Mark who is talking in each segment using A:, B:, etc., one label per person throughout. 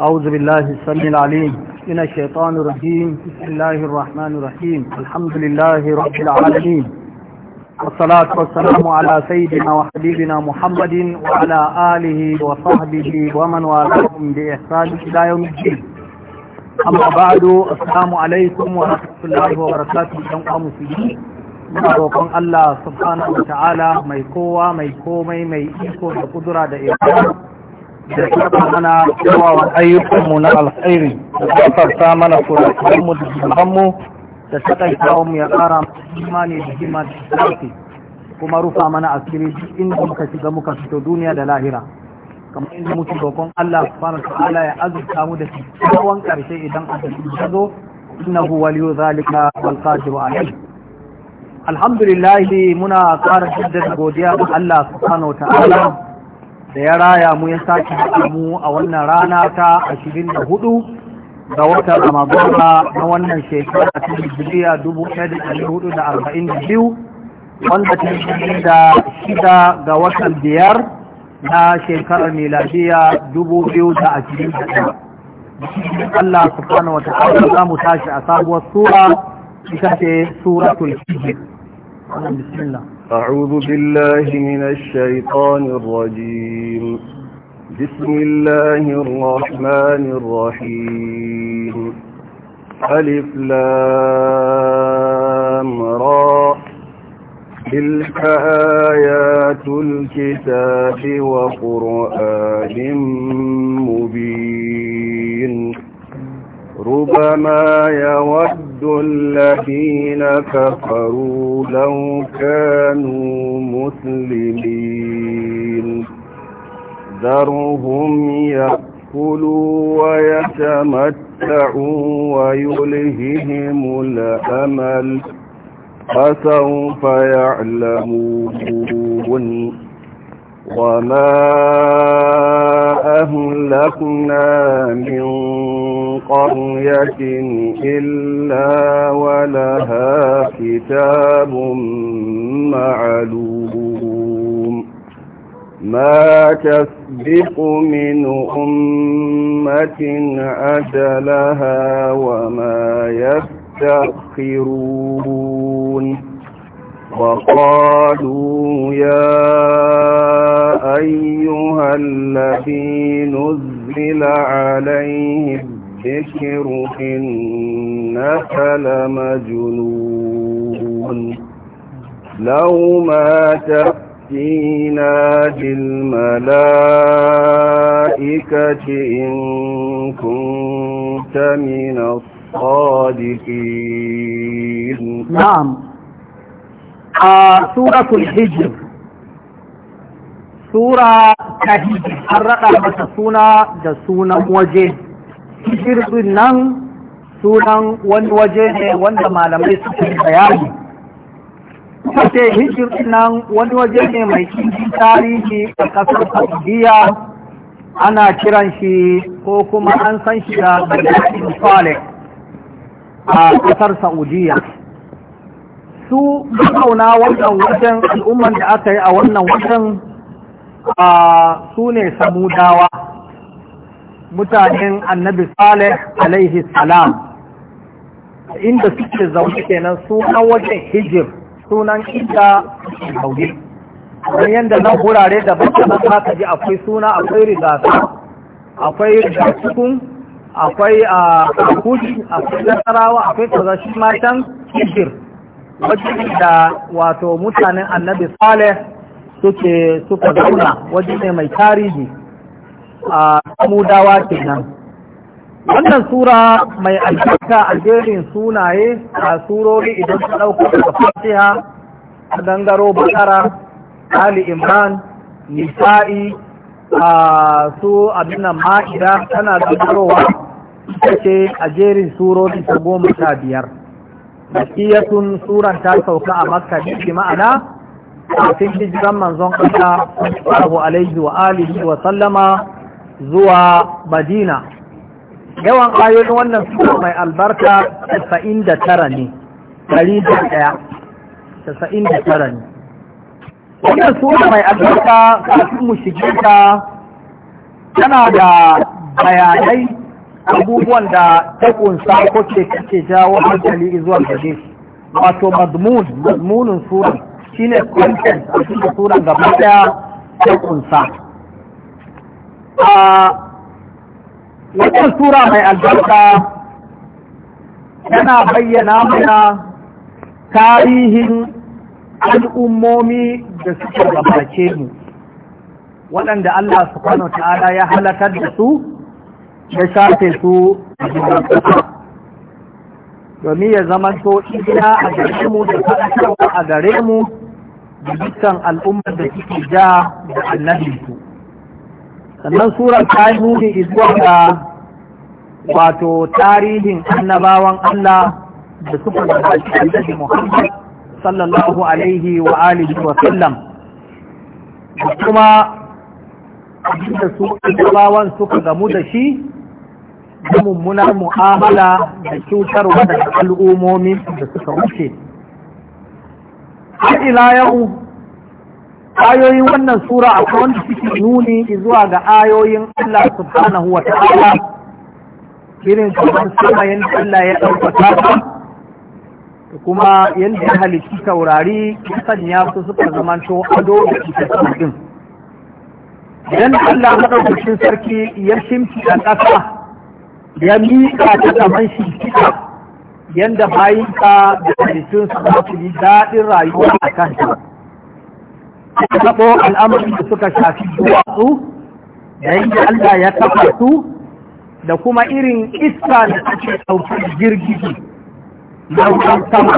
A: أعوذ بالله السميع العليم من الشيطان الرجيم بسم الله الرحمن الرحيم الحمد لله رب العالمين والصلاة والسلام على سيدنا وحبيبنا محمد وعلى آله وصحبه ومن والاهم بإحسان إلى يوم الدين أما بعد السلام عليكم ورحمة الله وبركاته جمع مسلمين muna roƙon Allah subhanahu wa ta'ala mai kowa mai komai mai iko da kudura da irada da kafa mana yawawan ayyukanmu na alkhairi da kafarta mana kurakunmu da zubanmu da takaita mu ya kara imani da hima da sarki kuma rufa mana asiri duk inda muka shiga muka fito duniya da lahira kamar inda muke roƙon Allah subhanahu ta'ala ya azurta mu da kyakkyawan karshe idan azumi ya zo innahu waliyu zalika wal qadiru alayh alhamdulillah muna kara jaddada godiya ga Allah subhanahu ta'ala da ya raya mu ya sake mu a wannan rana ta 24 ga watan ramadana na wannan shekara ta hijiriya 1442 wanda ta yi da shida ga watan biyar na shekarar miladiya 2021 Allah subhanahu wa ta'ala za mu tashi a sabuwar sura ita ce suratul hijir bismillah
B: أعوذ بالله من الشيطان الرجيم بسم الله الرحمن الرحيم ألف لام را تلك آيات الكتاب وقرآن مبين ربما يود يود الذين كفروا لو كانوا مسلمين ذرهم يأكلوا ويتمتعوا ويلههم الأمل فسوف يعلمون وما أهلكنا من قرية إلا ولها كتاب معلوم ما تسبق من أمة أجلها وما يستخرون وقالوا يا أيها الذي نزل عليه ذكر إنك لمجنون لو ما تأتينا بالملائكة إن كنت من الصادقين نعم
A: آه، سورة الحجر سورة كهيجر harraɗa mata suna موجه shirin nan sunan wani waje ne wanda malamai suke bayani kace hijirin nan wani waje ne mai cikin tarihi a kasar saudiya ana kiran shi ko kuma an san shi da bayanin fale a kasar saudiya su mazauna wannan wajen al'umman da aka yi a wannan wajen su ne samudawa mutanen annabi Saleh alaihi salam inda suke zaune kenan sunan wajen hijir sunan inda suke zaune don yadda nan wurare da bakanan haka ji akwai suna akwai rigasa akwai rigasukun akwai a kudi akwai nasarawa akwai kaza shi matan hijir wajen da wato mutanen annabi Saleh suke suka zauna waje ne mai tarihi a samudawa kenan wannan sura mai albarka a jerin sunaye a surori idan ta ɗauka da fatiha a dangaro bakara ali imran nisa'i a su abinan ma'ida tana dangarowa ita ce a jerin surori ta goma sha biyar makiyatun suran ta sauka a makka ne ma'ana kafin jiran manzon Allah sallallahu alaihi wa alihi wa sallama zuwa madina yawan ayoyin wannan suna mai albarka 99 ne da 99 ne
B: wannan suna mai albarka
A: kafin mu shige ta tana da bayanai
B: abubuwan
A: da ta kunsa ko ce kake jawo hankali zuwa gaje wato mazmun mazmunin sura shine content a cikin sura gaba daya ta kunsa a
B: wajen mai albarka yana bayyana mana
A: tarihin al'ummomi da suka gabace mu waɗanda Allah subhanahu ta'ala ya halakar da su ya shafe su a jirgin domin ya so Ina a gare mu da faɗakarwa a gare mu da dukkan al'ummar da suke ja da annabinsu sannan surar ta yi nuni ga wato tarihin annabawan Allah da suka gabaci annabi Muhammad sallallahu alaihi wa alihi wa sallam kuma da su annabawan suka gamu da shi da mummunar mu'amala da cutarwa da al'ummomin da suka wuce har ila yau ayoyin wannan sura a wanda suke nuni zuwa ga ayoyin Allah subhanahu wa ta'ala irin kamar sama yadda Allah ya ɗaukaka ta kuma yadda ya halitta taurari ya sanya su suka zamanto ado da ita sabbin idan Allah cikin sarki ya shimfi a ƙasa ya miƙa ta kamar shimfiɗa yadda bayinka da halittunsa za su yi daɗin rayuwa a ta. suka taɓo al’amurin da suka shafi duwatsu da yadda Allah ya taɓa su da kuma irin iska da suke ɗaukar girgiji na wurin sama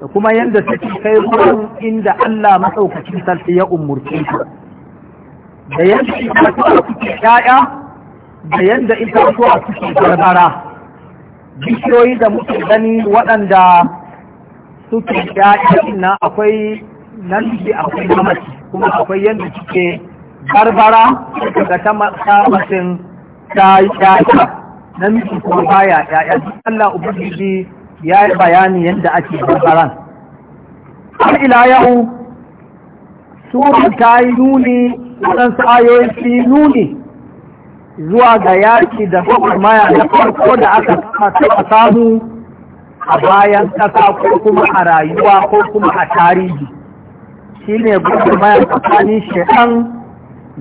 A: da kuma yadda suke kai ruwan inda Allah maɗaukacin sarki ya umurce su da yadda ita suke ƴaƴa da yadda ita suke barbara bishiyoyi da muke gani waɗanda suke ƴaƴa na akwai nan da akwai mamaci kuma akwai yadda suke barbara daga ta masamacin ta yaya namiji kuma baya yaya duk Allah ubangiji ya yi bayani yadda ake barbaran har ila yau sura ta yi nuni waɗansu ayoyi su yi nuni zuwa ga yaki da maya na farko da aka taɓa samu a bayan ƙasa ko kuma a rayuwa ko kuma a tarihi shi ne gudunmaya tsakanin shekan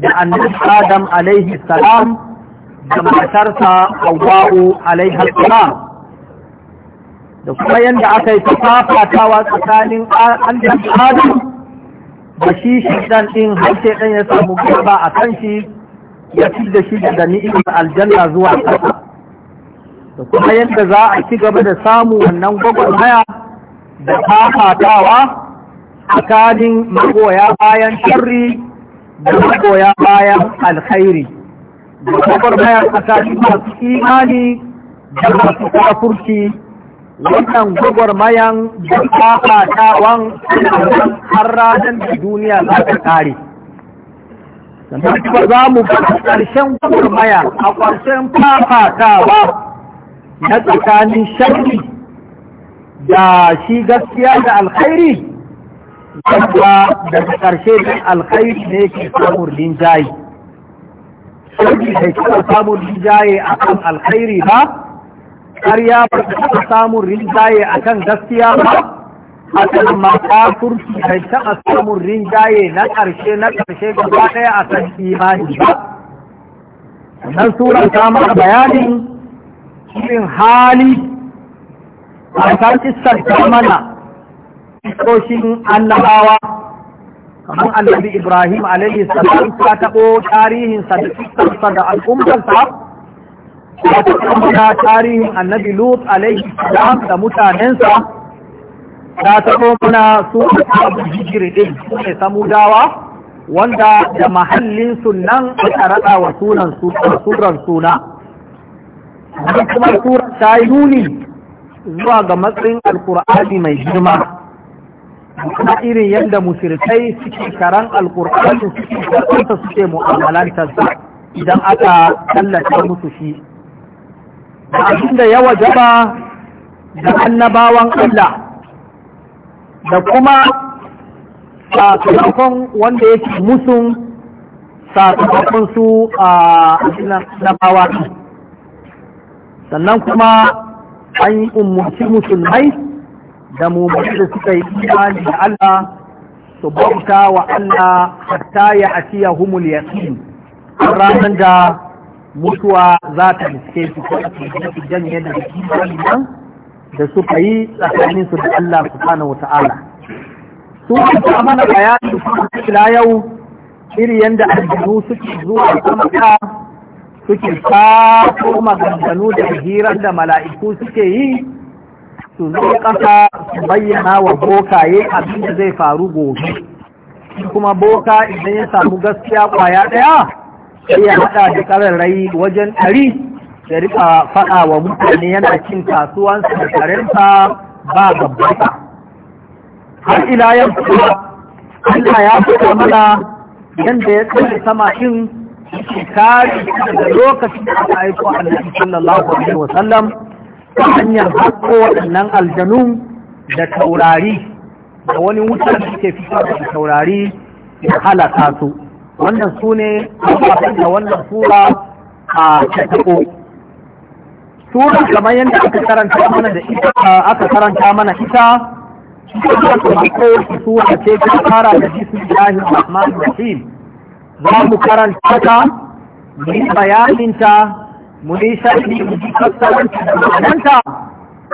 A: da annabi adam alaihi salam
B: da matarsa
A: hawa'u alaihi salam da kuma yadda aka yi tafafatawa tsakanin annabi adam da shi shekan ɗin har shekan ya samu gaba a kan shi ya fi da shi da ni'imar aljanna zuwa ƙasa da kuma yadda za a ci gaba da samu wannan gwagwarmaya da tafatawa tsakanin magoya bayan shirri, da magoya bayan alkhairi da kuma bayan tsakanin masu imani da masu kafurci wannan gwagwarmayan da fafatawan har ranar da duniya za ta kare
B: sannan
A: za mu ƙarshen gwagwarmaya a ƙarshen fafatawa na tsakanin sharri da shi gaskiya da alkhairi kuma daga ƙarshe da alkhairi ne ke samun rinjaye sauki da ke samun rinjaye a kan alkhairi ba har ya ta samun rinjaye a kan gaskiya ba a kan turki da taɓa samun rinjaye na ƙarshe na ƙarshe gaba ɗaya a kan imani ba nan sura ta mara bayanin cikin hali a kan isar mana kisoshin annabawa kamar annabi ibrahim alaihi salam ta taɓo tarihinsa da da al'ummarsa ta taɓo tarihin annabi lut alaihi salam da mutanensa ta taɓo mana su abu hijiri ɗin su samudawa wanda da mahallin sunan aka raɗa wa sunan suna kuma sura ta yi nuni zuwa ga matsayin alkur'ani mai girma kuma irin yadda musulkai suke karan alkur'ani suke karanta suke mu'amalantarsa idan aka tallata musu shi da abin da ya wajaba da annabawan Allah da kuma sakamakon wanda yake musun sakamakon su a annabawa sannan kuma an yi umarci musulmai da mu da suka yi imani da Allah su bauta wa Allah hatta ya atiya humul yaqin ranar da mutuwa za ta miske su ko a cikin janye da imani nan da suka yi tsakanin su da Allah subhanahu wata'ala
B: su ta mana bayani
A: su ila yau iri yanda aljanu suke zuwa sama suke fako maganganu da hirar da mala'iku suke yi su zai ƙasa su bayyana wa bokaye abin da zai faru gobe kuma boka idan ya samu gaskiya kwaya ɗaya sai ya haɗa da rai wajen ɗari ya rika faɗa wa mutane yana cin kasuwansa da ba babbata har ila yau kuma Allah ya fita mana yadda ya tsaye sama in kare daga lokacin da aka aiko annabi sallallahu alaihi wasallam ta hanyar haƙo waɗannan aljanun da taurari da wani wutar da suke fitar da taurari ya halaka su wannan su ne da wannan sura a tattako sura kamar yadda aka karanta mana da ita aka karanta mana ita sura ce ta fara da bismillahir rahmanir rahim za mu karanta ta mu bayaninta mu yi sharhi mu ji da ma'ananta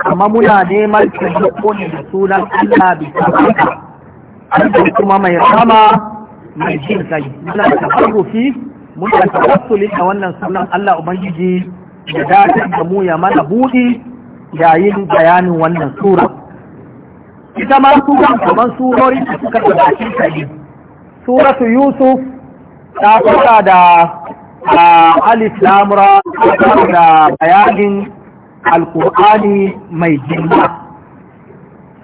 A: amma muna neman taimako ne da sunan Allah bi tabbata
B: Allah kuma mai rama
A: mai jin kai muna tabarrufi muna tawassuli da wannan sunan Allah ubangiji da dace da mu ya mana buɗi yayin bayanin wannan sura ita ma sura kamar surori da suka da ta ne suratu yusuf ta fara da a alif lamura da bayanin alkur'ani mai jinna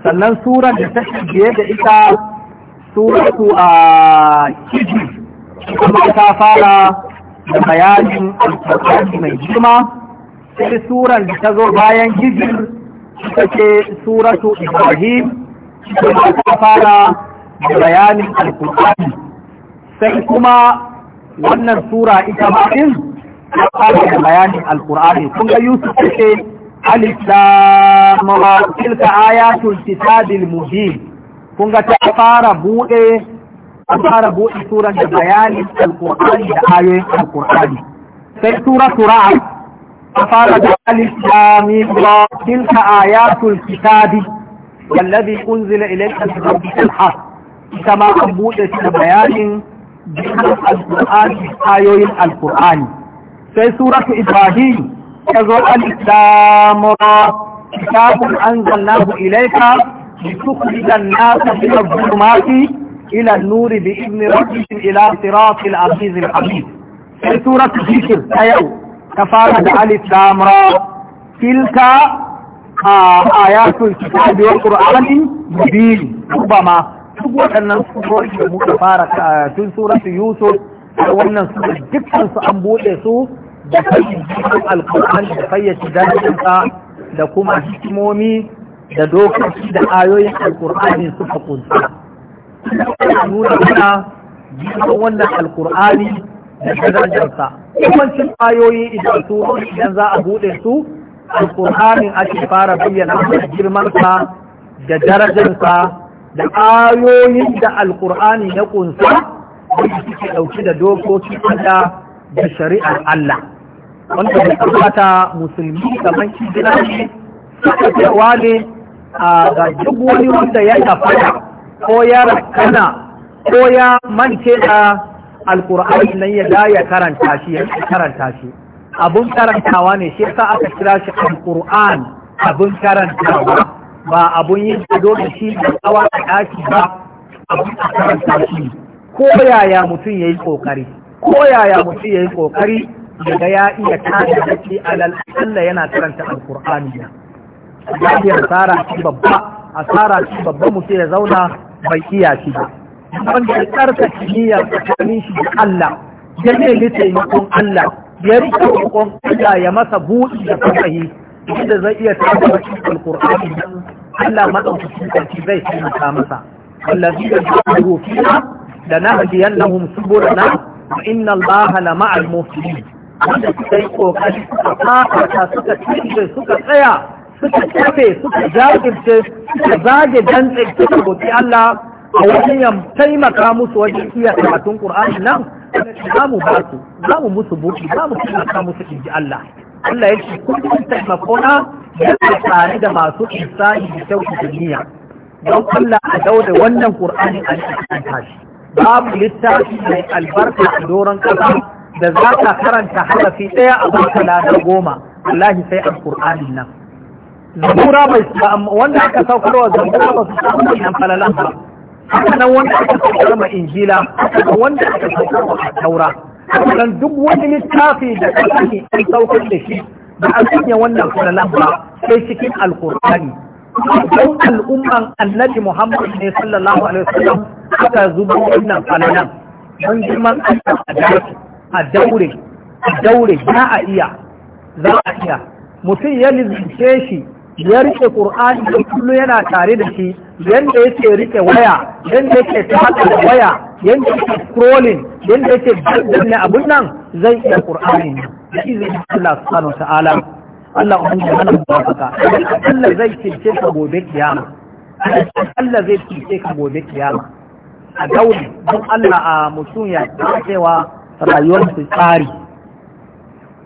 A: sannan surar da ta shige da ita suratu a kiji kuma ta fara da bayanin alkur'ani mai girma sai surar da ta zo bayan hijir ita ce suratu ibrahim kuma ta fara da bayanin alkur'ani sai kuma wannan sura ita ma din ya fara da bayanin alqur'ani kun ga yusuf yake alif lam ma tilka ayatul kitabil mubin kun ga ta fara bude ta fara bude suran da bayanin alqur'ani da ayoyin alqur'ani sai sura sura ta fara da alif lam ma tilka ayatul kitabi والذي أنزل إليك من ربك الحق كما أبوت بيان القرآن alkur'ani القرآن في سورة إبراهيم كذو الإسلام كتاب أنزلناه إليك لتخرج الناس من الظلمات الى النور باذن ربهم الى صراط العزيز الحميد في سورة ذكر ايو كفارة الإسلام تلك آه، آيات الكتاب والقرآن مبين ربما duk waɗannan surori da muka fara tun suratu yusuf da wannan sura dukkan su an buɗe su da fayyace alkur'an da fayyace dalilinsa da kuma hikimomi da dokoki da ayoyin alkur'ani suka kunsa nuna mana jirgin wannan alkur'ani da darajarsa yawancin ayoyi idan surori idan za a buɗe su alkur'anin ake fara bayyana girmansa da darajarsa da ayoyin da alkur'ani ya kunsa da suke ɗauki da dokoki da da shari'ar Allah wanda da tabbata musulmi kamar kidina ne suka cewa ne a ga duk wani wanda ya tafata, ko ya rakana ko ya mance da alkur'ani nan ya da ya karanta shi ya karanta shi abun karantawa ne shi yasa aka kira shi alkur'an abun karantawa ba abun yin gado da shi da tsawa a ɗaki ba abun a karanta shi ko yaya mutum ya yi ƙoƙari ko yaya mutum ya yi ƙoƙari daga ya iya tada da ke alal Allah yana karanta alƙur'ani ya ya asara shi babba asara shi babba mutum ya zauna bai iya shi ba wanda ya tsarka kimiyya tsakanin shi da Allah ya ne taimakon Allah ya rike roƙon Allah ya masa buɗi da fasahi inda zai iya tafi da cikin Qur'ani dan Allah madaukakin sarki zai taimaka masa wallazi yuhibbu fina da nahdiyannahum subulana wa inna Allah la ma'al muhsinin wanda suka yi kokari suka fafata suka cije suka tsaya suka tafe suka jajirce suka zage dantse suka roki Allah a wajen ya taimaka musu wajen iya karatun Qur'ani nan za mu ba su za mu musu buki za mu taimaka musu inji Allah Allah ya ce kullum taimakona yana tare da masu insani da kyautu duniya don Allah a dauda wannan Qur'ani a cikin tashi babu littafi mai albarka a doron kasa da za ka karanta harafi ɗaya a baka ladar goma wallahi sai al Qur'ani nan zabura bai wanda aka saukarwa zabura ba su samu wannan falalan ba haka wanda aka saukarwa injila wanda aka saukarwa taura sannan duk wani littafi da kake an saukar da shi ba a sanya wannan falalan ba sai cikin alkur'ani don al'umman annabi muhammad ne sallallahu alaihi wasallam aka zuba wannan falalan don girman a daure a daure za a iya za a iya mutum ya lizince shi ya rike qur'ani da kullu yana tare da shi yanda yake rike waya yanda yake tafi da waya yanda yake scrolling yanda yake danne abun nan zai iya qur'ani da izinin Allah subhanahu ta'ala Allah ubangiji mana baraka Allah zai cece ka gobe kiyama Allah zai cece ka gobe kiyama a gauri don Allah a mutum ya cewa rayuwar su tsari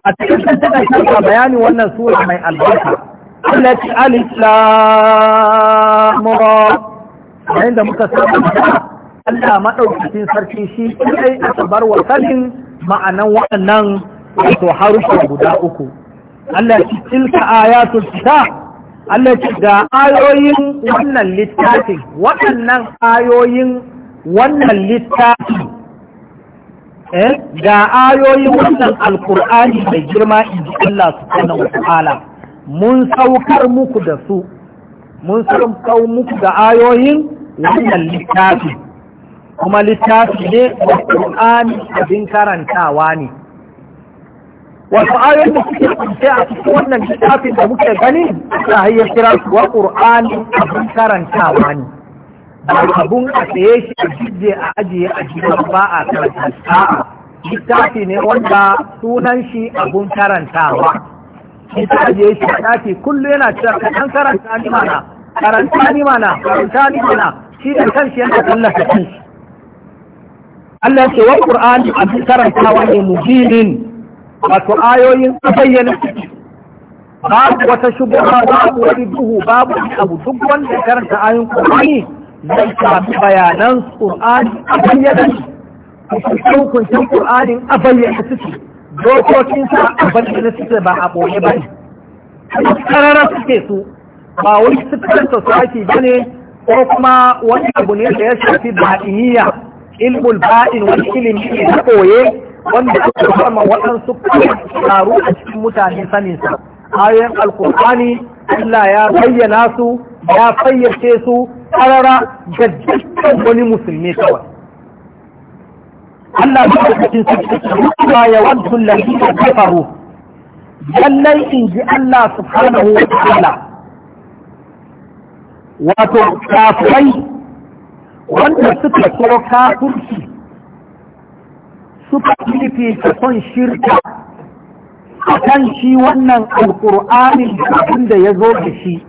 A: a cikin tattaka bayani wannan sura mai albarka التي ألف لا را عند متسامح Allah maɗaukacin sarki shi kai aka bar wa sanin ma'anan waɗannan wato harshe guda uku. Allah ci tilka ayatul kitab Allah ci ga ayoyin wannan littafin waɗannan ayoyin wannan littafin ga ayoyin wannan alkur'ani mai girma in ji Allah subhanahu wa ta'ala mun saukar muku da su mun saukar muku da ayoyin wannan littafi kuma littafi ne da Qur'ani abin karantawa ne wasu ayoyin da suke kunce a cikin wannan littafin da muke gani ta hayyar kira su wa ƙur'ani abin karantawa ne
B: ba abun a
A: tsaye shi a jije a ajiye a ba a karanta littafi ne wanda sunan shi abin karantawa in ta ajiye shi a ɗaki kullum yana cewa an karanta ni mana karanta ni mana karanta ni mana shi da kanshi yana tallata kanshi Allah ce wa Qur'ani abin karantawa ne mubinin wato ayoyin bayyana babu wata shugaba babu wani duhu babu abu duk wanda karanta ayoyin Qur'ani zai sami bayanan Qur'ani a bayyana hukuncin Qur'anin a bayyana suke dokokinsa a bayyana suke ba a ɓoye ba ne karara suke su ba wani su society ba ne ko kuma wani abu ne da ya shafi ba'iniya ilmul ba'in wani ilimi ne na ɓoye wanda aka kama waɗansu karu a cikin mutane saninsa ayoyin alkur'ani Allah ya bayyana su ya fayyace su karara ga dukkan wani musulmi kawai Allah ba ka cikin sarki ma ya waddu ta faru. lallai in ji Allah subhanahu wa ta'ala wato kafirai wanda suka so kafirci suka filifi ta son shirka a kan shi wannan alƙur'anin abin da ya zo da shi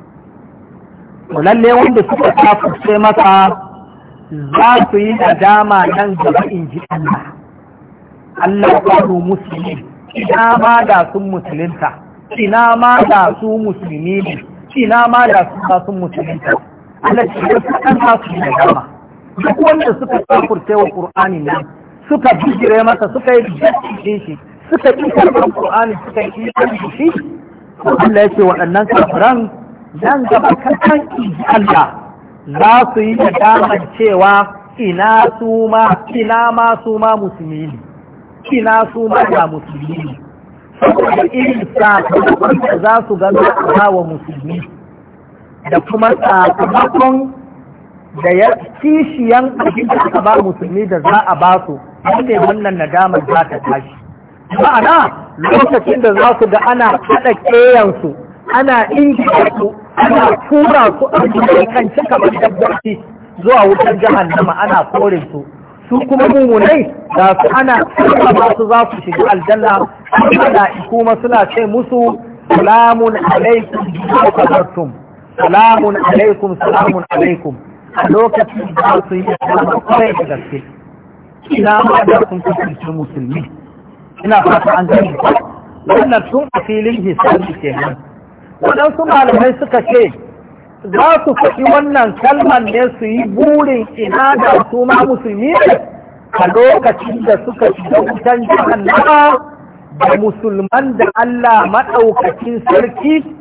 A: lallai wanda suka kafirce masa za su yi dama nan gaba in ji Allah Allah kwano musulmi ina ma da sun musulinta, ina ma da su musulmi ne ina ma da su ba sun musulinta. Allah ce wasu ɗan za su yi dama. duk wanda suka kafurce wa Qur'ani nan suka bijire masa suka yi jikin shi suka yi karɓar Kur'ani suka yi bijire shi Allah ya ce waɗannan kafiran nan gaba kan kan Allah
B: za su yi damar
A: cewa ina su ma ina ma su ma musulmi ne ina su ma ga musulmi ne saboda irin sakamakon da za su ga za wa musulmi da kuma sakamakon da ya kishiyan abin da aka ba musulmi da za a ba su ne wannan nadamar za ta tashi
B: ma'ana lokacin
A: da za su ga ana kaɗa keyansu ana ingiza su ana tura su a cika kamar dabbobi zuwa wutar jahannama ana kore su su kuma mummunai da su ana sarrafa su za su shiga aljanna ana kuma suna ce musu salamun alaikum kabartum salamun alaikum salamun alaikum a lokacin da su yi alama kwarai da gaske
B: ina ma da sun
A: kasance musulmi ina fata an gani wannan tun a filin hisabi kenan waɗansu malamai suka ce za su faɗi wannan kalman ne su yi burin ina da su ma musulmi a lokacin da suka shiga wutan jahannama da musulman da Allah maɗaukacin sarki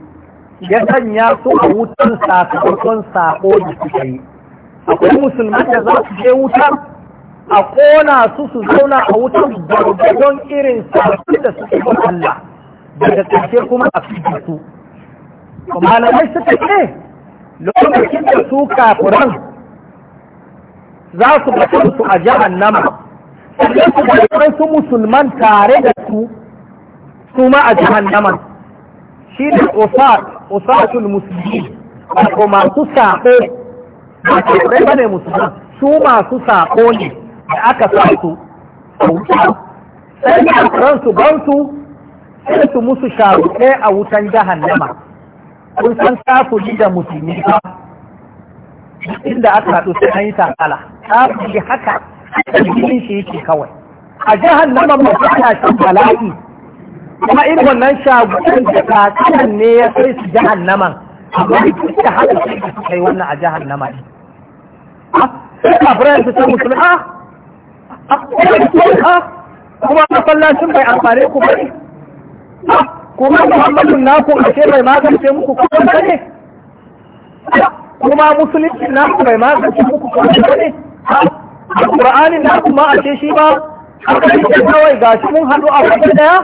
A: ya sanya su a wutan sakamakon sako da suka yi akwai musulman da za su je wutan a ƙona su su zauna a wutan gargajon irin sakon da suka yi Allah daga ƙarshe kuma a fi su malamai suka ce lokacin da su kafuran za su bata su a nama sannan su bata su musulman tare da su su ma a nama shi ne usat usatul musulmi ko masu saƙo ba kafurai ba ne musulman su masu saƙo ne da aka sa su a wuta sai kafuran su ban su sai su musu sharuɗe a wutan jihar nama. kun san kafuri da musulmi ba inda aka haɗu sai an yi takala kafuri haka jinin shi yake kawai a jihar nama masu ana shan bala'i kuma irin wannan shagunan da kakanan ne ya kai su jihar naman amma duk da haka sai su kai wannan a jihar nama ne sai kafirai su san musulmi a kuma masallacin bai amfane ku bane kuma muhammadun naku ashe bai magance muku kuma ba ne kuma musulunci naku bai magance muku kuma ba ne
B: Qur'anin naku
A: ma ashe shi ba haka yake kawai shi mun haɗu a wajen daya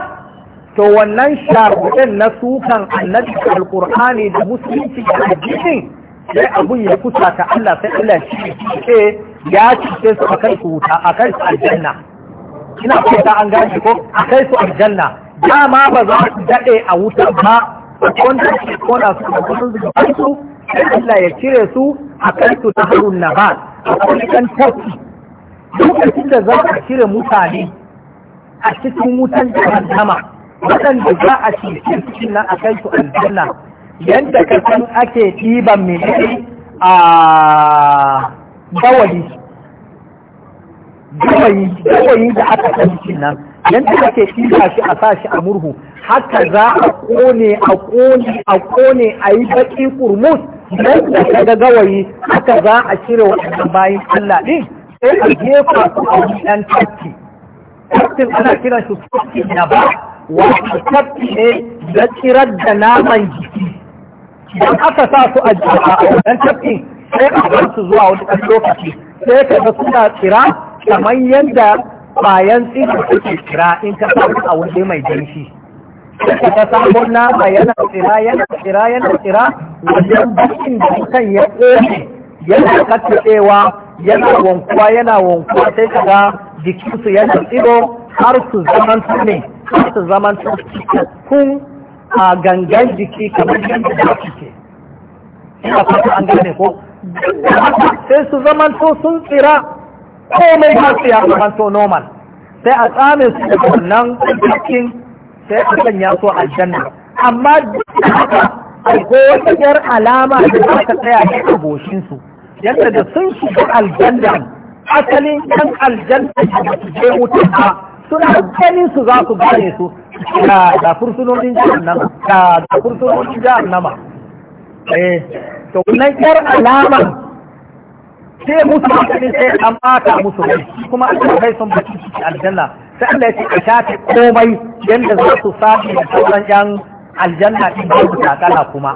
A: to wannan sharuɗin na sukan annabi alkur'ani da musulunci da addinin sai abun ya kusa ta Allah sai Allah shi ce ya cike su a kai su wuta a kai su aljanna ina fata an gane ko a kai su aljanna dama ba za su daɗe a wuta ba wanda ke kona su da kusan zubar su Allah ya cire su a kai su ta harun na ba a kwalikan tafi lokacin da za a cire mutane a cikin wutan jahannama waɗanda za a cikin cikin nan a kai su aljanna yadda ka san ake ɗiban mai a gawayi gawayi gawayi da aka kai cikin nan yadda ake kisa shi a sashi a murhu haka za a kone a kone a kone a yi baki kurmus don ka ga gawayi haka za a cire waɗannan bayan Allah ɗin sai a jefa su a ɗan tafki tafkin ana kiran shi tafki na ba wata tafki ne da tsirar da naman jiki don aka sa su a ɗan tafkin sai a bar su zuwa wani ɗan lokaci sai ka ga suna tsira kamar yadda bayan tsiri suke kira in ka samu a waje mai danshi ka samu nama yana tsira yana tsira yana tsira wajen bakin da mutan ya ƙone yana katsewa yana wankuwa yana wankuwa sai ka ga jikinsu yana tsiro har su zaman su ne har su zaman su cikakkun a gangan jiki kamar yadda da suke
B: ina fata an gane
A: ko sai su zaman to sun tsira komai ba su ya so normal sai a tsamin su da wannan cikin sai a sanya su a janna amma duk da akwai wata yar alama da za ta tsaya a goshinsu yadda da sun shiga aljanna asalin yan aljanna da su je wuta suna ganin su za su gane su da da fursunonin jahannama da da fursunonin jahannama eh to wannan yar alama sai musu hankali sai an bata musu rai kuma an ta kai sun baki ciki aljanna sai Allah ya ce a shafe komai yadda za su sabi da sauran yan aljanna din da su takala kuma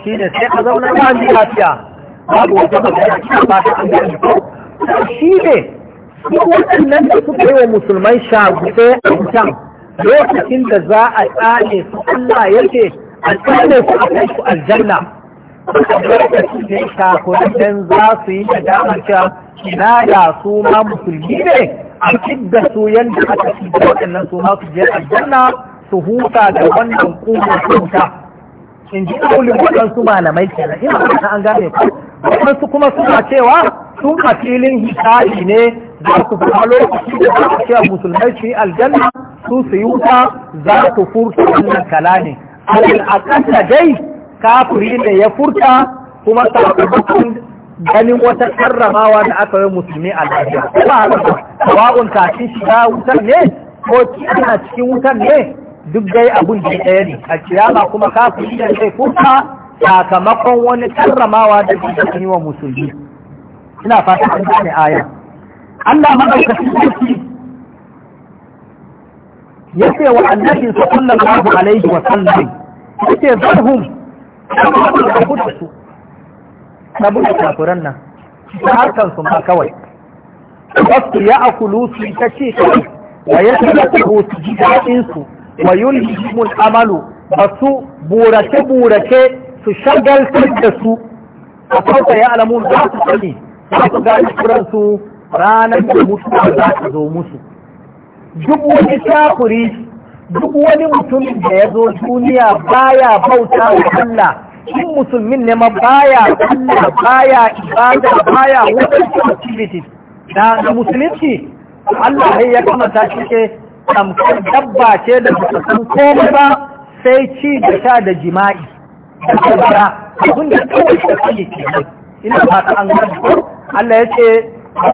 A: shi ne sai a zauna ta ji lafiya babu wata magana ta bata an gani shi ne duk waɗannan da suka yi wa musulmai shagube a can lokacin da za a tsane su Allah ya ce a tsane su a kai su aljanna lokacin da ya kakunan za su yi da damar cewa Na da su ma musulmi ne a da su yadda aka fi da waɗannan su ma su je aljanna su huta da wannan kuma huta in ji kaulin waɗansu malamai ke kenan ina ba an gane ku waɗansu kuma suna cewa sun a filin hisabi ne za su fara lokaci da za su cewa musulmai su yi aljanna su su yi wuta za su furta wannan kalani alal akalla dai kafiri ne ya furta kuma sakamakon ganin wata karramawa da aka yi musulmi a lafiya kuma wa'un kafin shiga wutar ne ko a cikin wutar ne duk dai abun da ɗaya ne a kiyama kuma kafiri ne ya furta sakamakon wani karramawa da ke yi wa musulmi ina fata an gane aya Allah madaukakin sarki ya ce wa annabi sallallahu alaihi wa sallam yace zarhum
B: rabu da
A: su da nan ta harkan su ma kawai wasu ya akulu su ta ce kawai
B: wa ya ta
A: su ji daɗin su wa amalu ba su burace burace su shagaltar da su a kauta ya alamu za su sani za su gani su ranar da mutuwa za su zo musu duk wani shafuri. duk wani mutumin da ya zo duniya baya bauta wa Allah in musulmin ne ma baya Allah baya ibada baya wadansu activities da musulunci Allah ya kamata shi ke tamkar dabba ce da ba san komai ba sai ci da sha da jima'i
B: da kabara abin da kawai ta
A: kai ke ina ba ta an gani Allah ya ce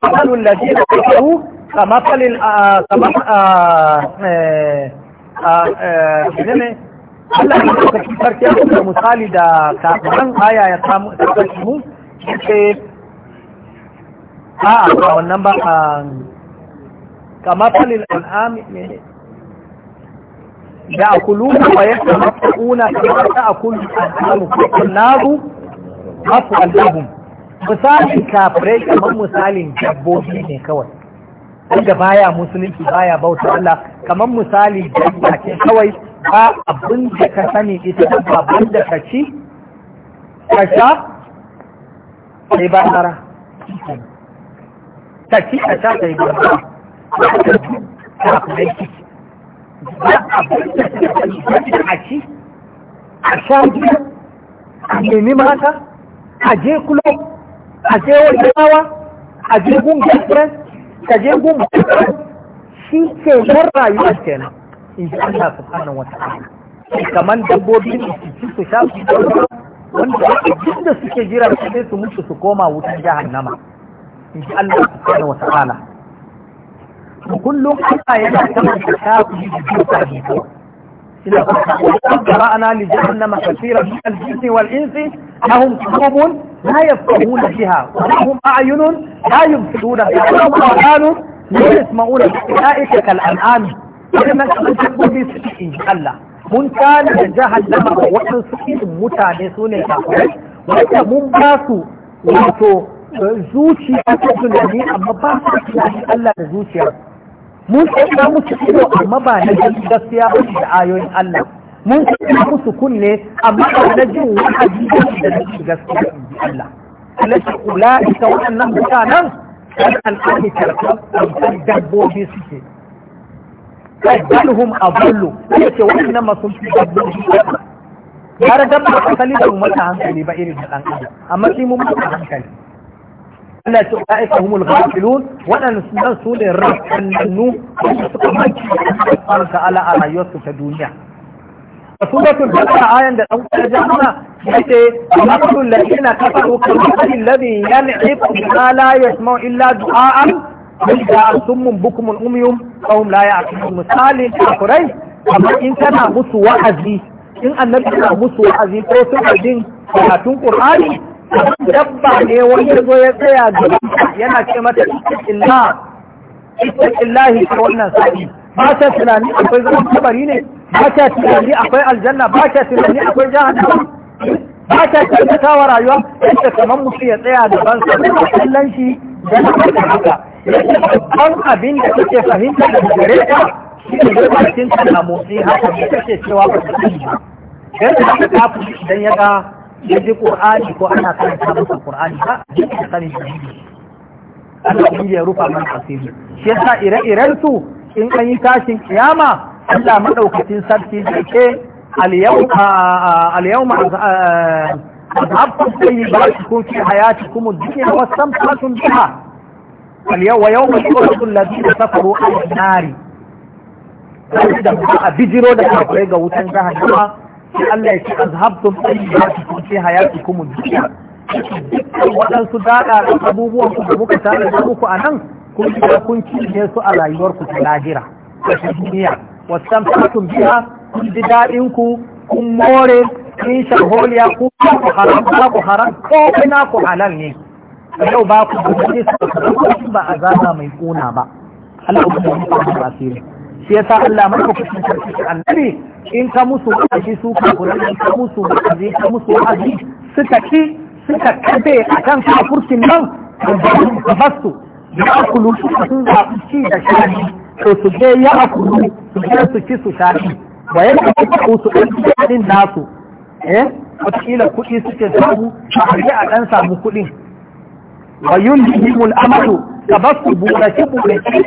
A: masalul ladina kafaru kamasalil kamasalil eh, a eh, ne Allah ya ɗaukaki sarki ya ɗauka misali da kafin aya ya samu ɗaukaki mu ce a a wannan ba a kamar falil al'ami ne da akuluna wa yadda mafi'una kamar ta akulu al'amu kusan naru mafi al'abun misalin kafirai kamar misalin dabbobi ne kawai wanda baya musulunci baya bauta Allah kamar misali da ke kawai ba abin da ka sani ita da babban da ka ci ka sha sai ba tsara ka ci ka sha sai ba tsara ba abin da ka sani a ci a sha a nemi mata a je kulo a je wajen hawa a je gungun ka je gun shi ke yan rayuwa nan in ji Allah wata wata'ala kamar dabbobi su su sha su wanda duk da suke jira sai su mutu su koma wutan jahannama in ji Allah su wata ala. kullum Allah yana kamar da shafi da jirgin ne إذا قرأنا لجهنم كثيرا من الجن والإنس لهم قلوب لا يفقهون بها ولهم أعين لا يبصرون بها ولهم آذان لا يسمعون أولئك كالأنعام كلمة تكون بصدق إن شاء الله mun kana da jahannama ga waɗansu irin mutane su ne kafirai wanda mun ba su wato zuciya ta tunani amma ba su tunani Allah da zuciyarsu mun tsaya musu ido amma ba na jin gaskiya ba da ayoyin Allah mun tsaya musu kunne amma ba na jin wa'azi da na jin gaskiya in ji Allah alaka ita waɗannan mutanen
B: kan al'ani
A: tarkan kan dabbobi suke kadalhum abullu ce wannan masu dabbobi
B: ya raga ba asali da mata
A: hankali ba irin da dan adam amma sai mun mata hankali Allah ce aika humul ghafilun waɗanda sunan su ne rakannu wanda suka maki Allah ta'ala a rayuwarsu ta duniya a suratul ayan da dan kuma jama'a yace amatul ladina kafaru kamal ladhi yan'iqu ma la yasma'u illa du'a'an bid'a summun bukmun umyum qawm la ya'qilun misalin kafirai amma in kana musu wa'azi in annabi kana musu wa'azi ko sun jin karatun dabba ne wani ya zo ya tsaya gaba yana ce mata ittaqillah ittaqillahi ta wannan sa'i ba ta tunani akwai zaman kabari ne ba ta tunani akwai aljanna ba ta tunani akwai jahannama ba ta tunani wa rayuwa yadda kamar mutum ya tsaya gaban sa da kallon shi da na haka yadda abin da kake fahimta da gare ka shi ne bakin ta na motsi haka ne kake cewa ba ta tunani ba yadda ka kafu idan ya ga ya ji ƙur'ani ko ana karanta masa ƙur'ani ba ya ji sanin shahidi Allah ya ya rufa man asiri shi yasa ire-iren su in an yi tashin kiyama Allah madaukakin sarki zai ce al-yawma eh, azhabtum sayyi'atikum fi hayatikum ad-dunya wastamtatum biha wa yawma yuqadu alladhina kafaru an-nari
B: da a bijiro da kafirai ga
A: wutan jahannama sai Allah ya ce azhabtum tayyibatikum fi hayatikum ad dukkan waɗansu daɗa abubuwan ku da muka tare da muku a nan kun ji kun cinye su a rayuwarku ta lahira ta duniya wasan fatun biya kun ji daɗin ku kun more kun shaholiya ku ku haram ba ku haram ko kuna ku halal ne yau ba ku gudu ne su ba a zaza mai ƙuna ba Allah ya ba ku yi shi yasa Allah maka kusin sarki annabi in ka musu wa'azi su kula in ka musu wa'azi ka musu wa'azi suka ki suka kabe akan kafurcin nan da basu ya akulu ka sun zaɓi ci da shari to su je ya akulu su je su ci su shari wa yadda ku su ɗin nasu eh wataƙila kuɗi suke samu a yi a ɗan samu kuɗin wa yulhihimul amalu ka basu burace burace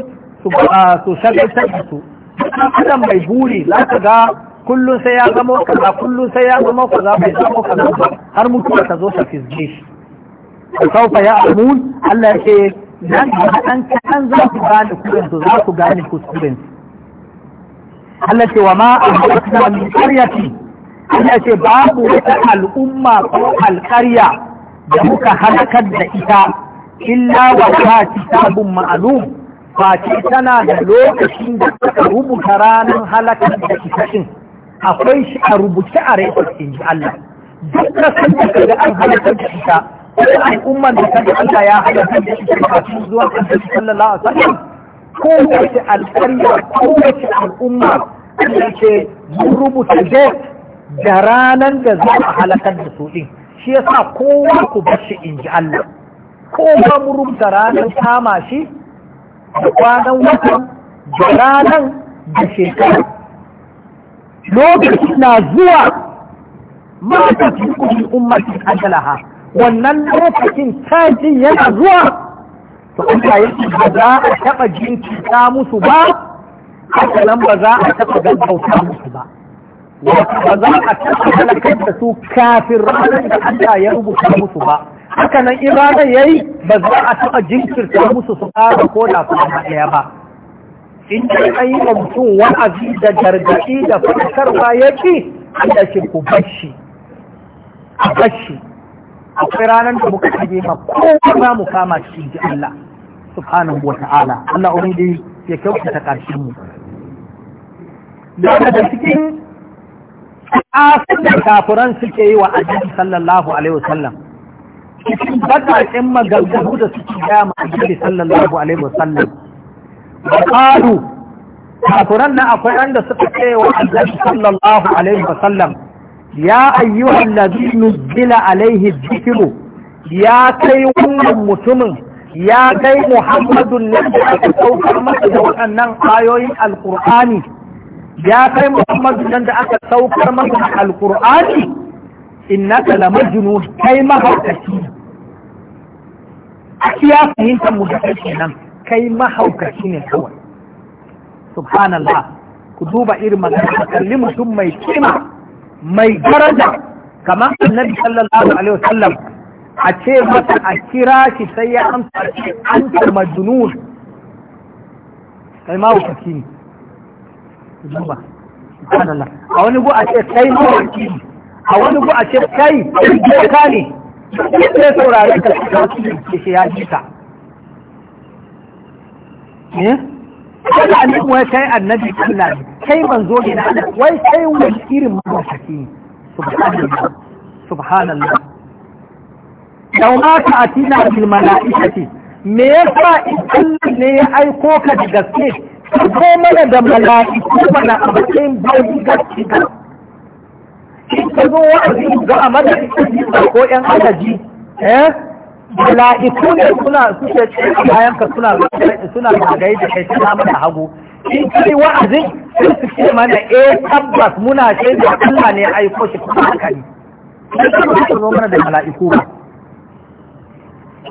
A: ah, su shagaltar da su Kudan mai buri za ka ga kullum sai ya zama kaza kullum sai ya zama kaza bai zama kaza ba har mutuwa ka zo ta fizge shi saufa ya amun Allah ce nan dan kan za ku gane kuren su za ku gane kuskuren Allah ce wa ma ahdatna min qaryati Allah ce babu wata al'umma ko al alƙarya da muka halakar da ita illa wa ta kitabun ma'lum face tana da lokacin da suka rubuta ranar halakar da ita akwai shi a rubuce a rai in ji Allah duk na san da kaga an halakar da ita ko al'ummar da ta kaga Allah ya halakar da ita kafin zuwa annabi sallallahu alaihi wasallam ko wace alƙarya ko wace al'umma da ce mun rubuta date da ranar da za a halakar da su din shi yasa kowa ku bar shi in ji Allah ba mun rubuta ranar kama shi da kwanan watan da ranar, da shekara lokaci na zuwa mata fi kudin ummatin ajalaha wannan lokacin tajin yana zuwa to Allah ya ce ba za a taɓa jinkita musu ba haka nan ba za a taɓa gaggauta musu ba ba za a taɓa halakar da su kafin ranar da Allah ya rubuta musu ba haka nan in ya yi ba za a taɓa jinkirta musu su ƙara ko da kuma ɗaya ba in dai an yi wa mutum wa'azi da gargaɗi da fadakarwa ya ƙi Allah shi ku bashi a bashi akwai ranar da muka kaje ma kowa za mu kama shi ji Allah subhanahu wa ta'ala Allah ubangiji ya ta ƙarshen mu daga cikin asin da kafiran suke yi wa annabi sallallahu alaihi wasallam baƙaƙen magagagu da suke dama a jirgin sallallahu alaihi wasallam da ƙaru kafiran nan akwai da suka ce wa annabi sallallahu alaihi wasallam ya ayyuhan nabi nuzila alaihi dhikru ya kai wannan mutumin ya kai muhammadun ne da aka saukar masa da waɗannan ayoyin alƙur'ani ya kai muhammadun nan da aka saukar masa da alƙur'ani innaka la majinu kai mahaukaci a kiya fahimtar mu da kai kenan kai mahaukaci ne kawai subhanallah ku duba irin magana ta kalli mutum mai kima mai daraja kamar annabi sallallahu alaihi wasallam a ce masa a kira shi sai ya amsa an tarma junun kai mahaukaci ne duba subhanallah a wani gu a ce kai mahaukaci ne a wani ku a ce kai ka ne ya saurari ka ya shi ya ji ka Kada ne wai kai annabi kula ne, kai manzo ne na ana wai kai wani irin mawakaki ne, subhanallah, subhanallah. Yau ma ka atina bil ce me yasa sa Allah ne ya aiko ka da gaske, Ko mana da mala'iku mana a matsayin bai gaske in ka zo wa'azi ga a ko yan agaji eh mala'iku ne suna suke a bayan ka suna suna da kai suna
B: kai su ce mana eh tabbas
A: muna ce da Allah ne aiko shi kuma haka ne ka zo mana da mala'iku ba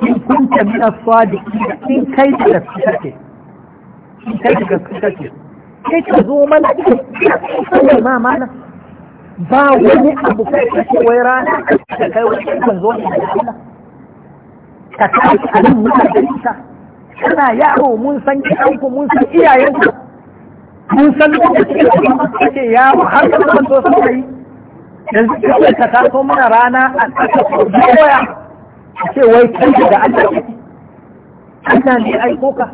A: in kunta in kai da in kai da eh, kai ka da ma mana ba wani abu kai kake wai rana da kai wani ikon zo ne da Allah ka tashi a nan muka da ita kana yaro mun san gidanku mun san iyayenku mun san lokacin da kake yaro har ka zama so sai yi yanzu kawai ka taso mana rana a tsaka koya a ce wai kai da Allah Allah ne aiko ka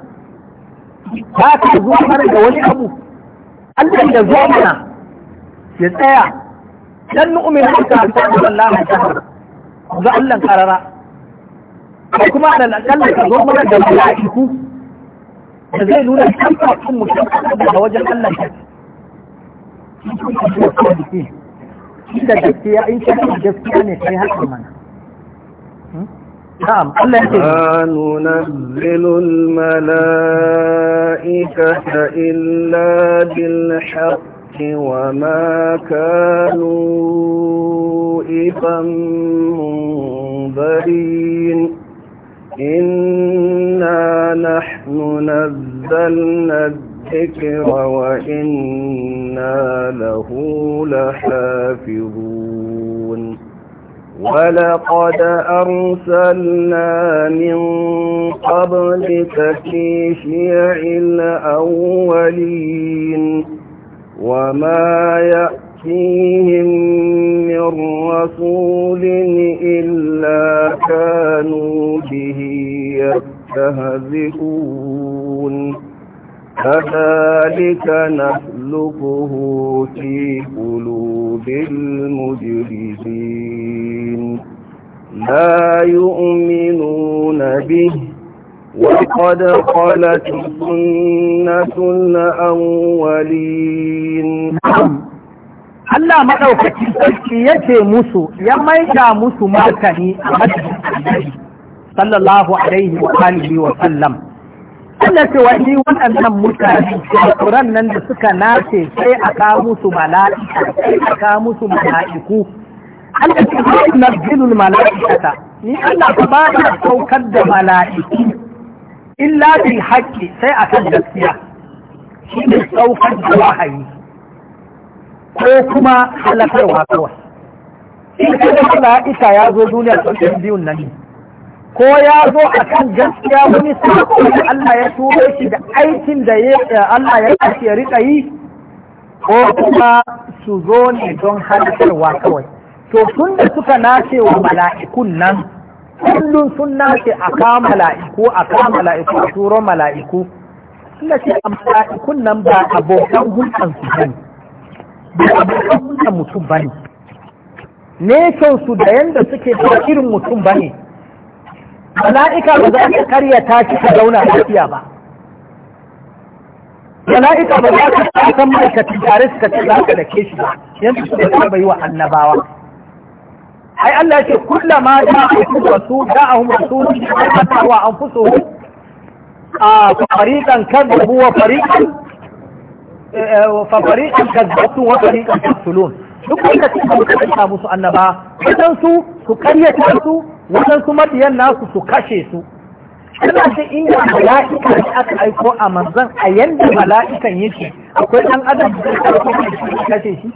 A: ba ka zo har da wani abu Allah da zo mana ya tsaya لن نؤمن بك ان تعبد الله شهرا زعلا قررا وكما على الاقل تزورنا من الملائكه فزي لولا كم تحكم مشكلة على وجه الله شهرا إن شاء الله جفتيا نحيها كمانا
B: نعم الله ما ننزل الملائكة إلا بالحق وما كانوا إِذًا منذرين إنا نحن نزلنا الذكر وإنا له لحافظون ولقد أرسلنا من قبلك في شيع الأولين وما يأتيهم من رسول إلا كانوا به يستهزئون كذلك نسلكه في قلوب المجرمين لا يؤمنون به وقد خلت سنة الأولين
A: Allah maɗaukacin sarki yake musu ya maida musu martani a madadin sallallahu alaihi wa alihi wa sallam Allah ce wani waɗannan mutane Quran nan da suka nace sai a ka musu mala'ika sai a ka musu mala'iku Allah ce na nazzilul mala'ikata ni Allah ba ba saukar da mala'iku illa bil haƙƙi sai akan gaskiya shi ne saukar da wahayi ko kuma halakarwa kawai in ka ga mala'ika ya zo duniya sauƙin biyun nan ne ko ya zo a kan gaskiya wani sako da Allah ya tura shi da aikin da eh, Allah ya kashi ya riƙa yi ko kuma su zo ne don halakarwa kawai to tun da suka nace wa mala'ikun nan kullum sun nace a ka mala'iku a ka mala'iku a turo mala'iku suna ce a mala'ikun nan ba abokan hulɗar su ba ne
B: ba abokan
A: hulɗar mutum ba ne nation su da yanda suke ba irin mutum ba ne mala'ika ba za ta ta shi ka zauna lafiya ba mala'ika ba za ta san ma'aikatan tare suka ce za ka ke shi ba yanzu suka taɓa yi wa annabawa ai Allah ce kullama da'ahum rasul da'ahum rasul wa anfusu a fariqan kadhabu wa fariqan eh, eh, fa fariqan kadhabu wa fariqan tasulun duk wanda suka kanta musu annaba wajen su su karyata su wajen su madiyan nasu su kashe su kana ce in ya mala'ika ne aka aiko a manzan a yanda mala'ikan yake akwai dan adam da ya kashe shi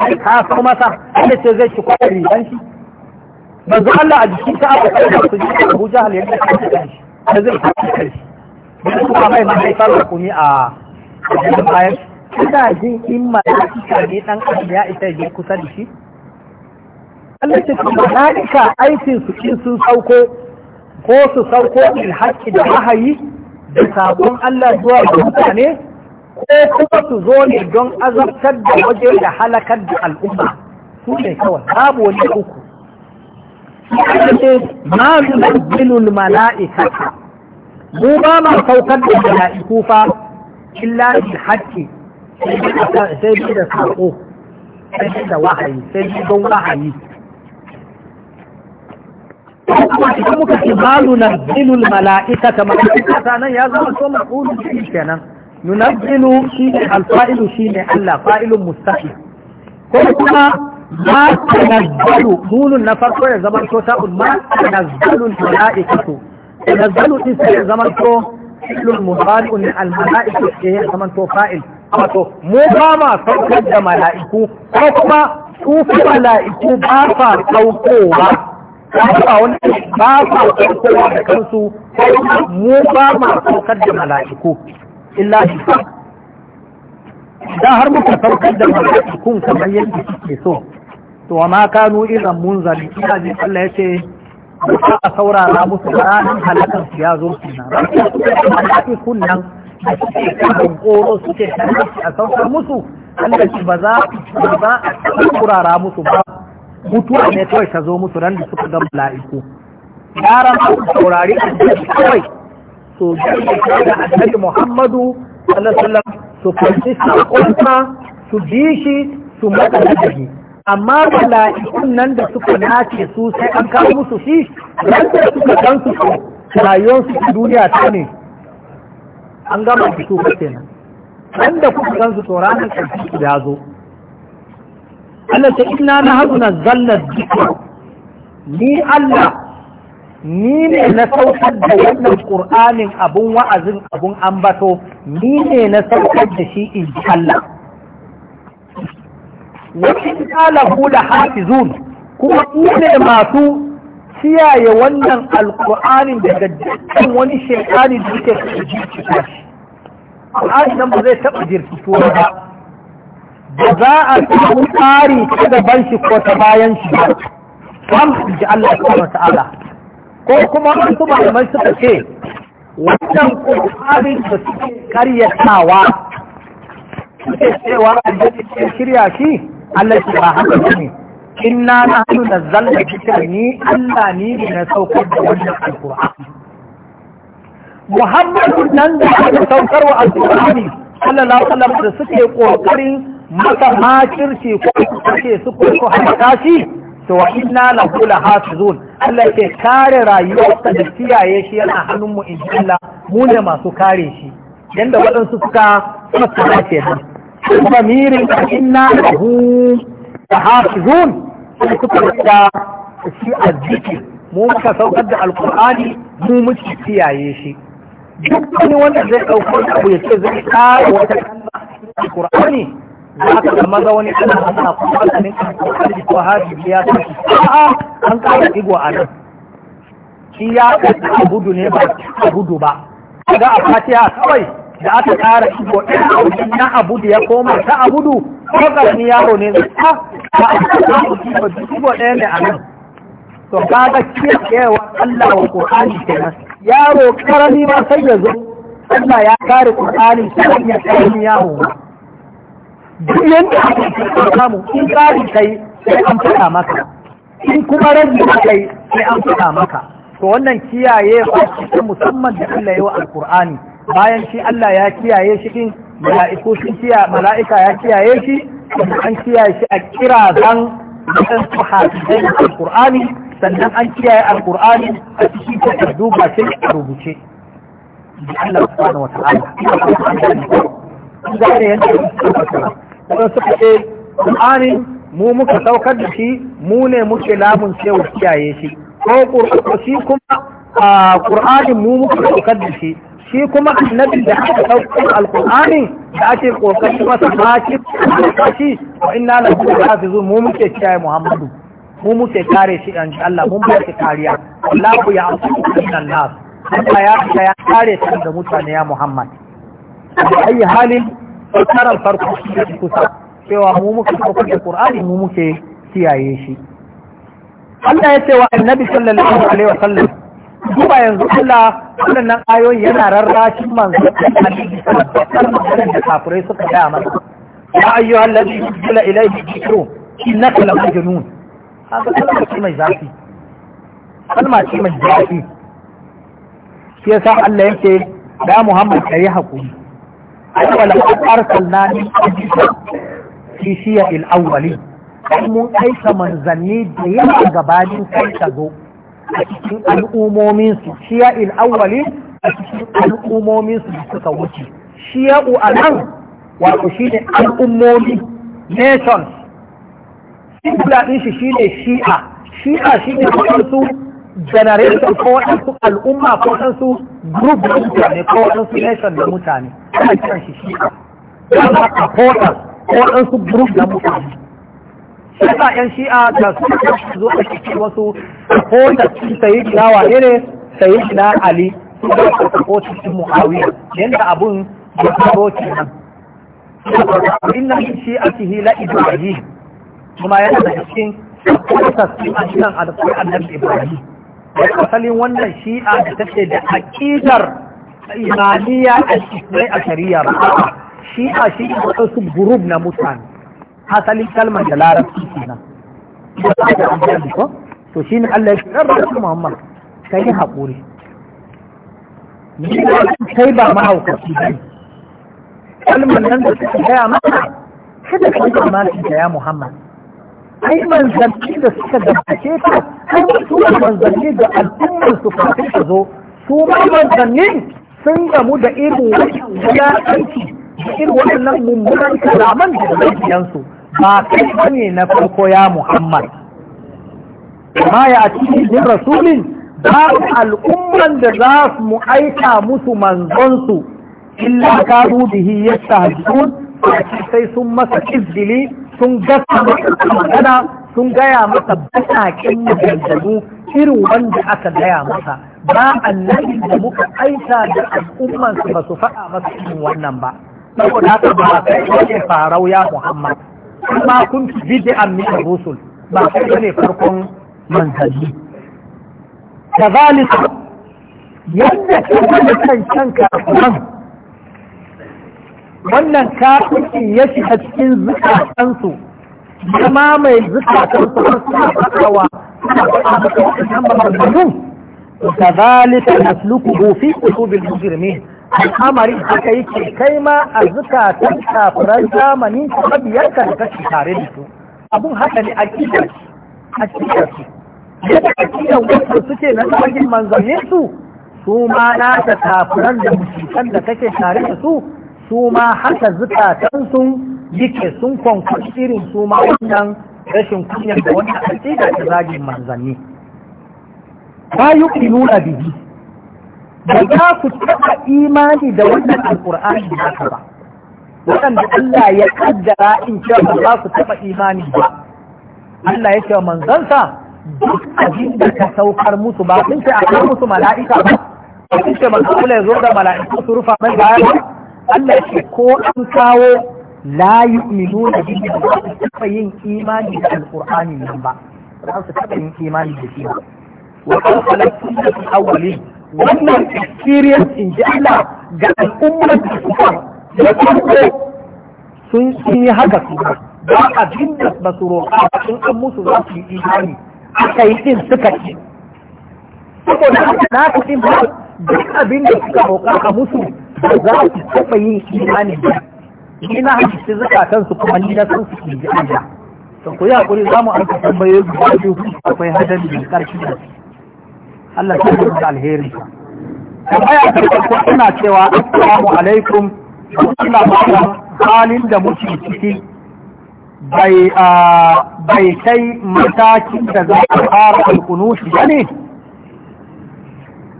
A: ai ka zai ci shi Allah a jikin ka aka kai su ji kuma mai ina in ma ka ne dan ya isa je kusa da shi Allah ce ku malaika aikin su kin sun sauko ko su sauko bil da wahayi da sabon Allah zuwa mutane ko kuma su zo ne don azabtar da waje da halakar da al'umma su ne kawai babu wani uku ma nunazzilul mala'ika mu ba ma saukar da mala'iku fa illa bil haqqi sai bi da sako sai bi da wahayi sai bi don wahayi kuma idan muka ce ma nunazzilul mala'ikata mala'ikata nan ya zama so mas'ulun shi kenan nunazzilu shine alfa'ilu shine Allah fa'ilun mustaqil ko kuma ma tanazzalu dunun na farko ya zama to ta'un ma tanazzalu malaikatu tanazzalu din sai ya zama to fi'lun mudari'un al-mala'ikatu sai ya zama fa'il wato mu ba saukar da mala'iku kuma su fi mala'iku ba sa saukowa ba wani ba sa saukowa da kansu mu ba ma da mala'iku illa hisab da har muka saukar da mala'ikun kamar yadda suke so to wa ma kanu idan munzali ina ji Allah ya ce ba a saurara musu ranar halakar su ya zo kenan mala'ikun nan da suke kan koro suke tarihi a saukar musu Allah ce ba za a saurara musu ba mutuwa ne kawai ta zo musu ran da suka ga mala'iku yaran saurari a kawai
B: su gaggata da annabi
A: Muhammadu sallallahu su kwanci su kwanta su bi shi su mata da amma mala'ikun nan da suka nace su sai an kawo musu shi ran da suka gan su su ta duniya ta ne an gama da su nan ran da kuka gan su to ranar ƙarshe su ya zo Allah ta inna na hazuna na zallar dukkan ni Allah ni ne na saukar da wannan ƙur'anin abun wa'azin abun ambato ni ne na saukar da shi in ji Allah wajen ƙalahu da hafizun kuma ne masu kiyaye wannan alƙur'anin daga dukkan wani shekari da yake jirkita shi ƙur'ani nan ba zai taɓa jirkituwa ba da za a samu tsari ta gaban shi ko ta bayan shi ba. Sam ji Allah subhanahu wa ta'ala ko kuma wasu malaman suka ce wannan ƙoƙarin da suke karyatawa suke cewa annabi ke shirya shi Allah shi ba haka In na na hannu da zalla, dhikra ni Allah ni ne na saukar da wannan alqur'ani Muhammadu nan da aka saukar wa alqur'ani sallallahu alaihi wasallam da suke ƙoƙarin masa makirci ko suke su ko haka shi to wa inna lahu hafizun? Allah ke kare rayuwar da kiyaye shi yana hannun mu in Allah mu ne masu kare shi yanda waɗansu suka fassara ke nan kuma mirin inna lahu lahafizun suka da shi azziki mu muka saukar da alqur'ani mu muke kiyaye shi duk wani wanda zai ɗauko abu ya ce zai kare wata kalma a cikin alqur'ani
B: aka ga maza
A: wani ana hana kwakwalin kwakwalin ko haji ya tafi a'a an kara igwa a nan shi ya kasa gudu ne ba a gudu ba ga a fatiha kawai da aka kara igwa ɗin audin na abudu ya koma ta abudu ko ƙarni yaro ne zai ta ba a kasa igwa igwa ɗaya ne a nan to kaga kiyayewa Allah wa Qur'ani kenan yaro karami ma sai ya zo Allah ya kare Qur'ani sai ya kare yaro ba. duk yanda aka samu in ƙari kai sai an faɗa maka in kuma rage kai sai an faɗa maka to wannan kiyaye ta musamman da Allah yawa alkur'ani bayan shi Allah ya kiyaye shi din mala'iku sun kiya mala'ika ya kiyaye shi an kiyaye shi a kira zan dan sahabbai Alƙur'ani sannan an kiyaye Alƙur'ani a cikin takardu ba sai a rubuce Allah subhanahu wa ta'ala kuma suka ce Qur'ani mu muka saukar da shi mu ne muke lamun cewa kiyaye shi ko shi kuma a Qur'ani mu muka saukar da shi shi kuma annabi da aka saukar alqur'ani da ake kokarin masa baki shi wa inna lahu lahafizun mu muke kiyaye Muhammadu mu muke kare shi an Allah mun ba shi kariya Allah ya amsa kan Allah Allah ya ya kare shi da mutane ya Muhammad a ayi halin karan farko shi ne kusa cewa mu muke ɗaukar da Qur'ani mu muke kiyaye shi Allah ya ce wa annabi sallallahu alaihi wa sallam duba yanzu Allah wannan ayoyi yana rarrashin manzo alaihi sallallahu da kafirai suka ga masa ya ayyuhal ladhi yusila ilayhi dhikru innaka la majnun haka kalma ce mai zafi kalma ce mai zafi shi yasa Allah yake da Muhammad kai hakuri
B: ولقد أرسلنا من
A: في شيع الأولين mun aika manzanni da yawa gabanin kai ta zo a cikin al'umominsu shiya il awwali a cikin al'umominsu da suka wuce shiya'u a nan wato shi ne al'ummomi nations singular ɗin shi shi ne shi'a shi'a shi ne waɗansu generation ko waɗansu al'umma ko waɗansu group da mutane ko waɗansu nation da mutane ana kiran shi shi a portal ko waɗansu group da mutane shi sa yan shi'a da su zo a cikin wasu portal sun sayi dawa ne sayi gina ali su da su supportin su muawiya yanda abun ya faro nan inna min shi'atihi la ibrahim kuma yana da cikin portal sun a cikin alƙur'an nan ibrahim asalin wannan shi'a da take da aƙidar
B: imaniya
A: a shi'ai a shari'a ba shi'a shi wasu gurub na mutane asalin kalmar da larabci kenan to shi ne Allah ya fi ɗan rasu Muhammad ka yi haƙuri kai ba mahaukaci ba ne kalmar nan da suke gaya maka kada ka yi mamaki da ya Muhammad ai manzanci da suka dabbace ta har su manzanni da al'ummar su kafin ta zo su ma manzannin sun gamu da irin aiki, da irin waɗannan mummunan kalaman da zaiyansu ba kai bane na farko ya Muhammad ma ya a cikin rasulin babu al'umman da za su mu aika musu manzonsu illa karu bihi yastahzun sai sun masa izgili sun gasa masa magana sun gaya masa baƙaƙen maganganu irin wanda aka gaya masa ba annabi da muka aika da al'ummansu ba su faɗa masa irin wannan ba
B: saboda haka ba kai wani
A: farau ya muhammad kuma kun bid'an mita rusul ba kai ne farkon manzanni kazalika yadda kan a kuma wannan kafin ya shiga cikin zukatansu ya mamaye zukatansu har suna fasawa suna faɗa maka waɗannan maganganu كذلك نسلكه في قلوب المجرمين al'amari haka yake kai ma a zukatan kafiran zamani mabiyarka da kake tare da su abun haka ne a kidar a kidar
B: su yadda a kidar
A: suke na tsagin manzannin su su ma na da kafiran da musulman da kake tare da su su ma haka zukatan sun yake sun kwanku irin su ma wannan rashin kunyar da wannan aƙida ta zagin manzanni ba yi nuna bihi ba za ku taɓa imani da wannan alƙur'ani haka ba waɗanda Allah ya kaddara in ce ba za ku taɓa imani ba Allah ya ce manzansa duk abin da ka saukar musu ba sun ce a kai musu mala'ika ba sun ce masu kula ya zo da mala'ika su rufa mai baya ba Allah ce ko an kawo la yu'minu da bihi ba su taɓa yin imani da alƙur'ani nan ba Za su taɓa yin imani da shi ba
B: wa kan halattun
A: da awwali wannan experience in ji Allah ga al'ummar da suka
B: da farko
A: sun yi haka su ba abin da ba su roƙa ba sun an musu za su yi imani aka yi ɗin suka ce saboda na ka din ba duk abin da suka roƙa a musu za su taɓa yin imanin ba ni na hajji zukatan su kuma ni na san su ji Allah to ku yi hakuri za mu an ka tambaye guda biyu akwai hadari da ƙarfi da su Allah ya yi da alheri tambaya ta farko ina cewa assalamu alaikum ina ba halin da muke ciki ah, bai kai matakin da za a fara alkunushi ba ne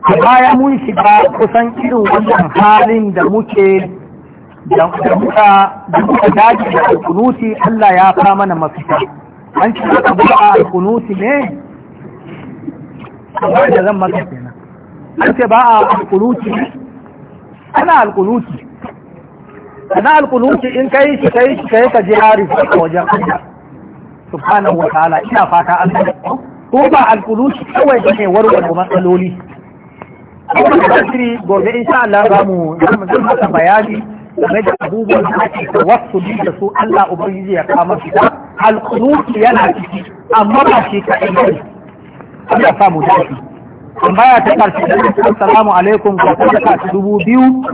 A: a baya mun shiga kusan irin wannan halin da muke da muka daji da alkunuti Allah ya fa mana mafita an ci aka buga a alkunuti ne kamar da zan maka kenan an ce ba a alkunuti ana alkunuti ana alkunuti in kai shi kai shi kai ka ji hari a wajen Allah subhanahu wa ta'ala ina fata Allah ko ba alkunuti kawai ne warware matsaloli tasiri gobe insha Allah za mu zan masa bayani game da abubuwan da ake tawassuli da su Allah ubangiji ya kama shi alqunut yana ciki amma ba shi ka ne Allah sa mu dace tambaya ta karshe da assalamu alaikum ko ta ka dubu biyu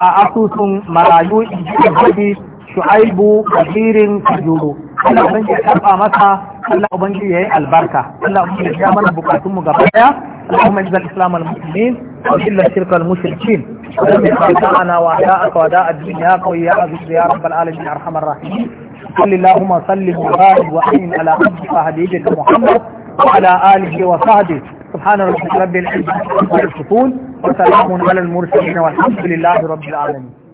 A: a asusun marayu injin shu'aibu kabirin kajuru Allah ubangi ya karba masa Allah ubangi ya yi albarka Allah ubangi ya mana bukatun mu gaba daya Allah ubangi zal islam al muslimin wa illa shirka al mushrikin wa min ta'ana wa da aka wada addini ya kawai ya aziz ya rabbal alamin ya arhamar rahim صل اللهم وسلم وبارك وأعين على خديجة محمد وعلى آله وصحبه سبحان ربك رب العزة عما يصفون وسلام على المرسلين والحمد لله رب العالمين